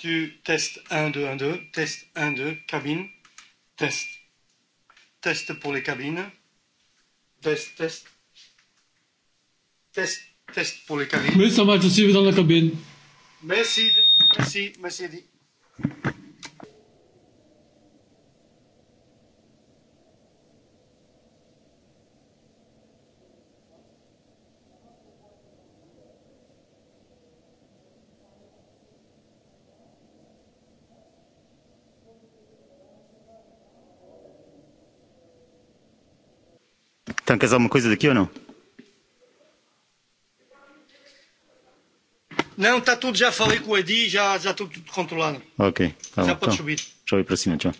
tu testes 1, 2, 1, 2, test 1, 2, cabine, test. Test pour les cabines. Test, test. Test, test pour les cabines. Merci, merci, merci, merci, merci, merci, Tem que fazer alguma coisa daqui ou não? Não, está tudo, já falei com o Edi, já está tudo, controlado. Ok, tá já bom. pode então, subir. eu ir para cima, tchau.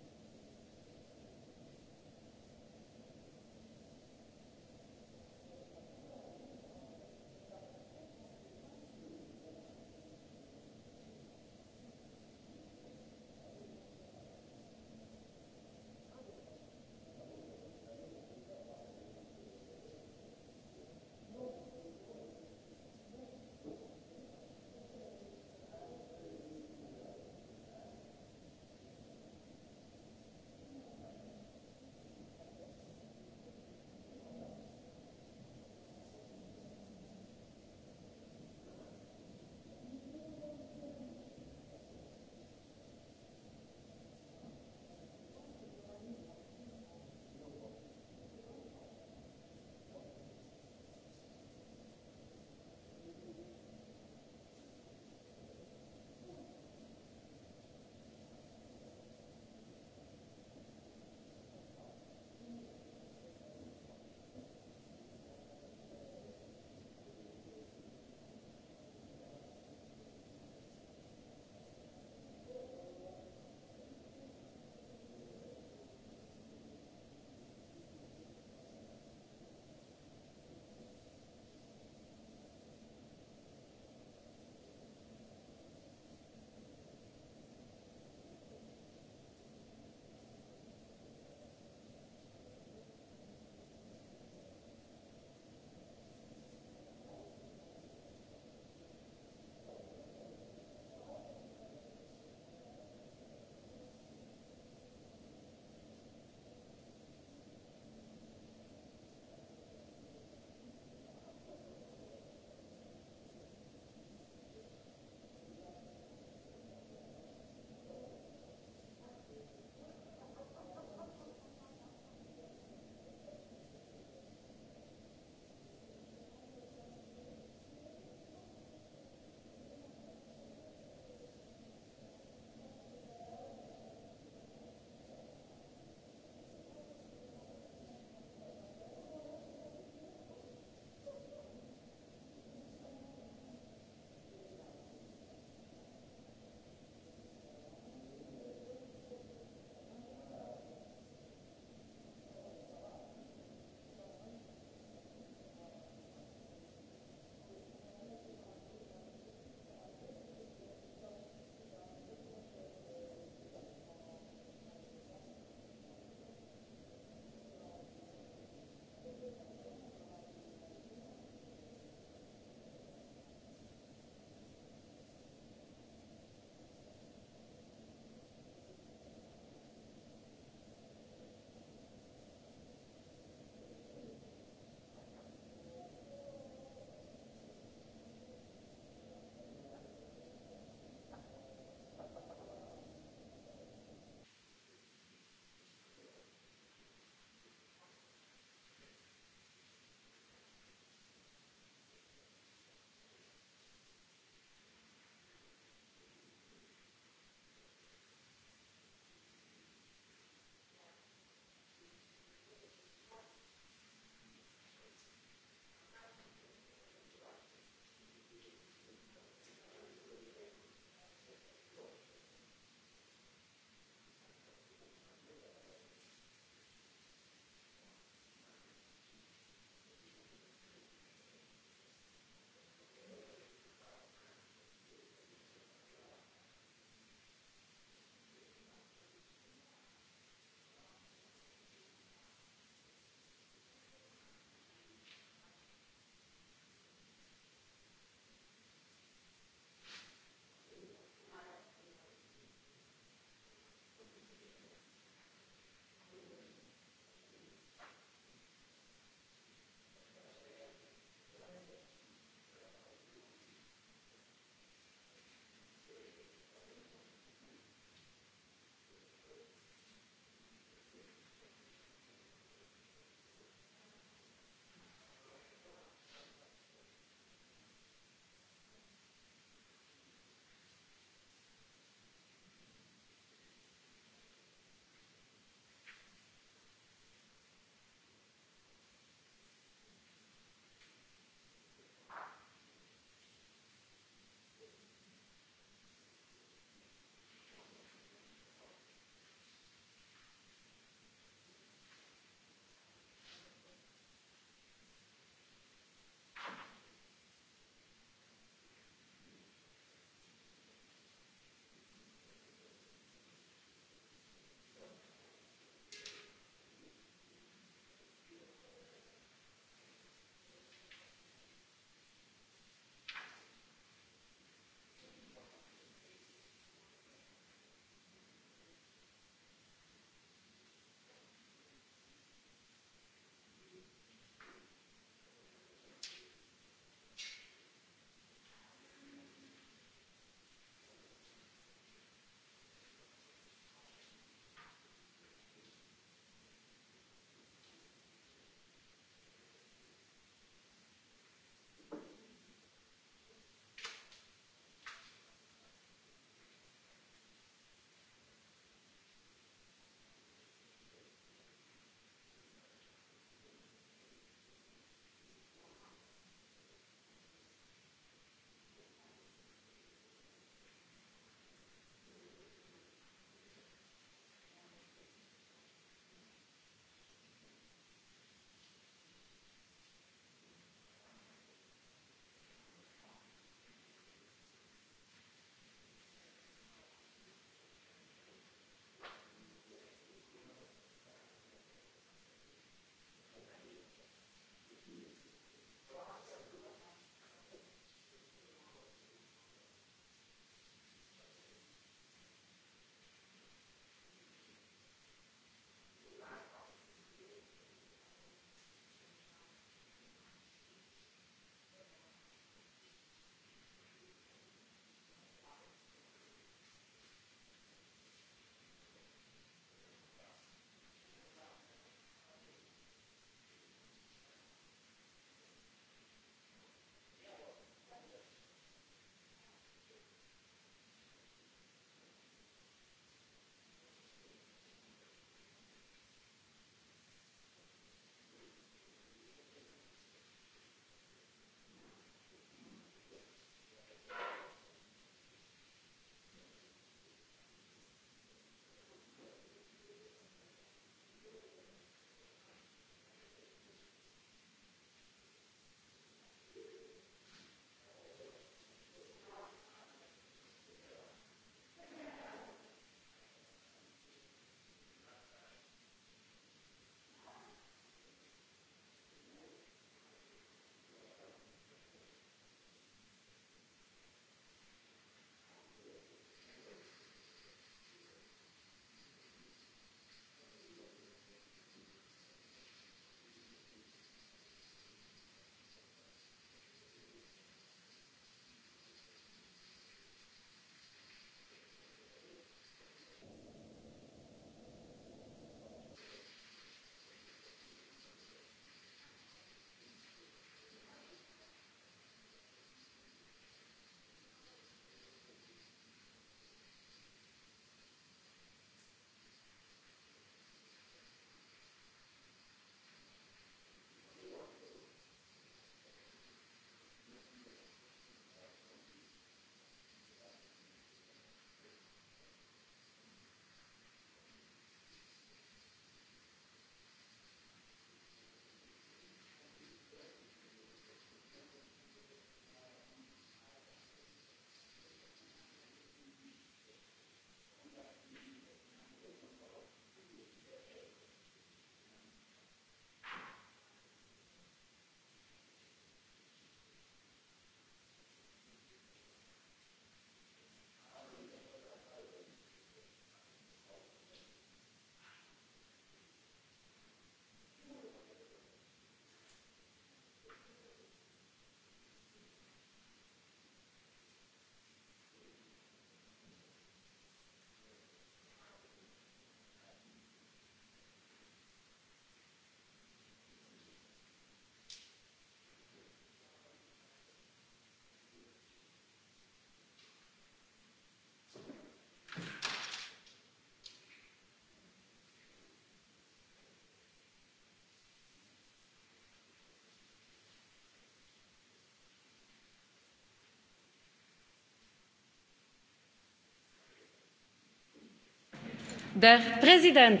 Der Präsident.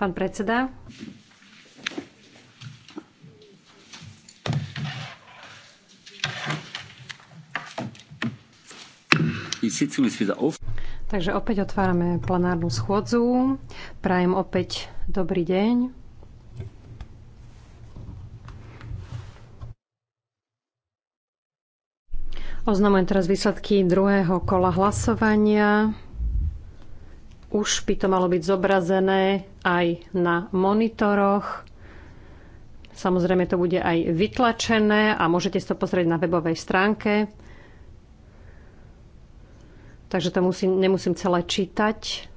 Pán predseda. Takže opäť otvárame plenárnu schôdzu. Prajem opäť dobrý deň. Oznamujem teraz výsledky druhého kola hlasovania už by to malo byť zobrazené aj na monitoroch. Samozrejme to bude aj vytlačené a môžete si to pozrieť na webovej stránke. Takže to musím, nemusím celé čítať.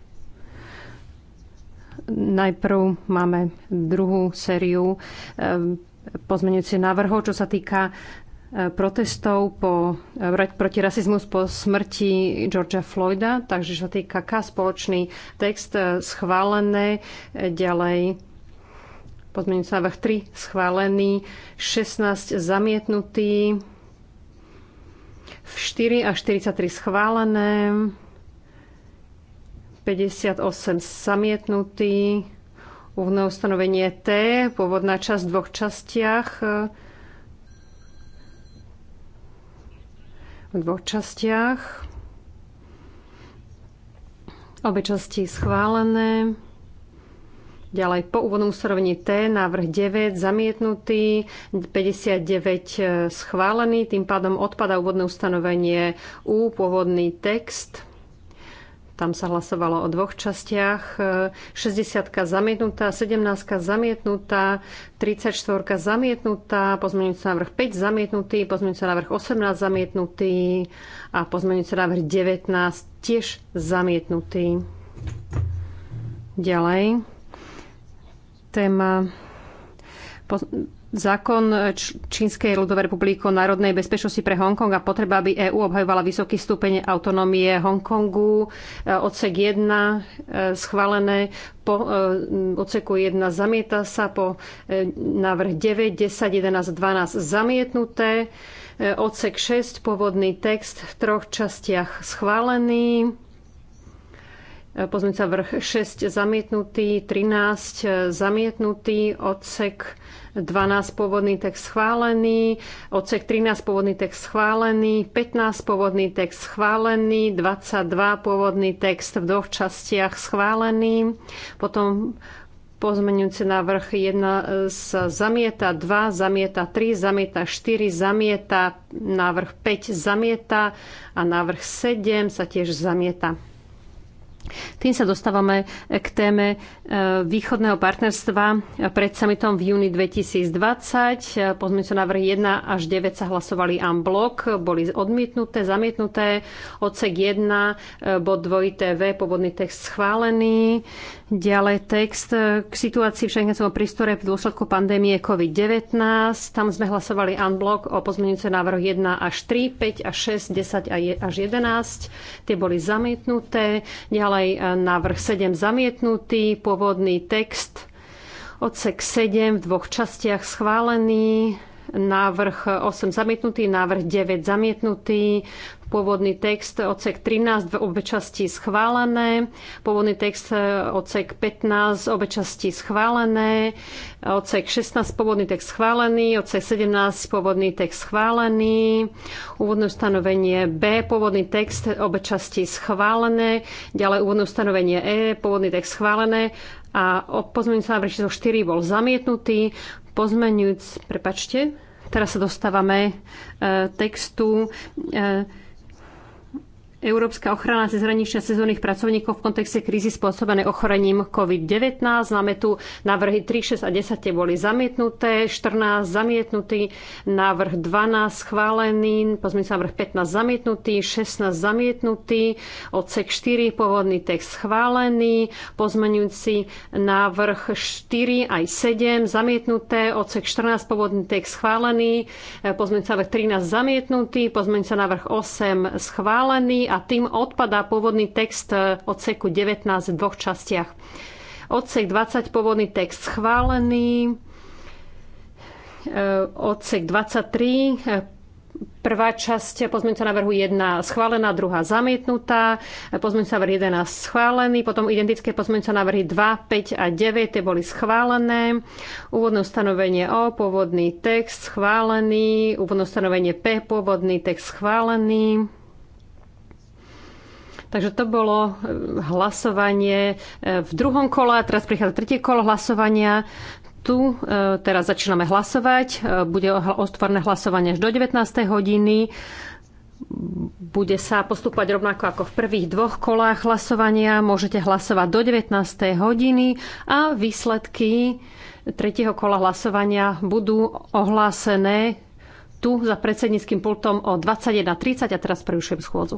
Najprv máme druhú sériu eh, pozmenujúcich návrhov, čo sa týka protestov po, e, proti rasizmu po smrti Georgia Floyda, takže čo týka K, spoločný text e, schválené, e, ďalej pozmeňujúci návrh 3 schválený, 16 zamietnutý, 4 a 43 schválené, 58 zamietnutý, úvodné ustanovenie T, pôvodná časť v dvoch častiach, v dvoch častiach. Obe časti schválené. Ďalej po úvodnom ustanovení T návrh 9 zamietnutý, 59 eh, schválený, tým pádom odpada úvodné ustanovenie U, pôvodný text. Tam sa hlasovalo o dvoch častiach. 60 e, zamietnutá, 17 zamietnutá, 34 zamietnutá, pozmeňujúci návrh 5 zamietnutý, pozmeňujúci návrh 18 zamietnutý a pozmeňujúci návrh 19 tiež zamietnutý. Ďalej. Téma Zákon Čínskej ľudovej republiky o národnej bezpečnosti pre Hongkong a potreba, aby EÚ obhajovala vysoký stupeň autonómie Hongkongu. E, odsek 1 e, schválené, po e, odseku 1 zamieta sa, po návrh 9, 10, 11, 12 zamietnuté. Odsek 6, pôvodný text v troch častiach schválený. Pozmeň sa vrch 6 zamietnutý, 13 zamietnutý, odsek 12 pôvodný text schválený, odsek 13 pôvodný text schválený, 15 pôvodný text schválený, 22 pôvodný text v dvoch častiach schválený, potom pozmeňujúci návrh 1 e, sa zamieta, 2 zamieta, 3 zamieta, 4 zamieta, návrh 5 zamieta a návrh 7 sa tiež zamieta. Tým sa dostávame eh, k téme eh, východného partnerstva pred summitom v júni 2020. Eh, pozmeňujúce návrhy 1 až 9 sa hlasovali en blok, boli odmietnuté, zamietnuté. Odsek 1, bod 2 TV, pôvodný text schválený. Ďalej text k situácii v šengenskom prístore v dôsledku pandémie COVID-19. Tam sme hlasovali en blok o pozmeňujúce návrhy 1 až 3, 5 až 6, 10 až 11. Tie boli zamietnuté. Ďalej Ďalej e, návrh 7 zamietnutý, pôvodný text, odsek 7 v dvoch častiach schválený, návrh 8 zamietnutý, návrh 9 zamietnutý, pôvodný text odsek 13 v obe časti schválené, pôvodný text odsek 15 obe časti schválené, odsek 16 pôvodný text schválený, odsek 17 pôvodný text schválený, úvodné ustanovenie B pôvodný text obe časti schválené, ďalej úvodné ustanovenie E pôvodný text schválené a pozmeňujúci návrh číslo 4 bol zamietnutý, pozmeňujúc, prepačte, Teraz sa dostávame e, textu e, Európska ochrana cezhraničia sezónnych pracovníkov v kontexte krízy spôsobené ochorením COVID-19. Máme tu návrhy 3, 6 a 10 tie boli zamietnuté, 14 zamietnutý, návrh 12 schválený, pozmeňujúci návrh 15 zamietnutý, 16 zamietnutý, odsek 4 pôvodný text schválený, pozmeňujúci návrh 4 aj 7 zamietnuté, odsek 14 pôvodný text schválený, pozmeňujúci návrh 13 zamietnutý, pozmeňujúci návrh 8 schválený a tým odpadá pôvodný text e, odseku 19 v dvoch častiach. Odsek 20 pôvodný text schválený, e, odsek 23 e, Prvá časť pozmeňujúceho návrhu 1 schválená, druhá zamietnutá, pozmeňujúci návrh 11 schválený, potom identické pozmeňujúce návrhy 2, 5 a 9, tie boli schválené, úvodné ustanovenie O, pôvodný text schválený, úvodné ustanovenie P, pôvodný text schválený, Takže to bolo e, hlasovanie e, v druhom kole, teraz prichádza tretie kolo hlasovania. Tu e, teraz začíname hlasovať. Bude otvorné hlasovanie až do 19. hodiny. Bude sa postúpať rovnako ako v prvých dvoch kolách hlasovania. Môžete hlasovať do 19. hodiny a výsledky tretieho kola hlasovania budú ohlásené tu za predsedníckým pultom o 21.30 a teraz prerušujem schôdzu.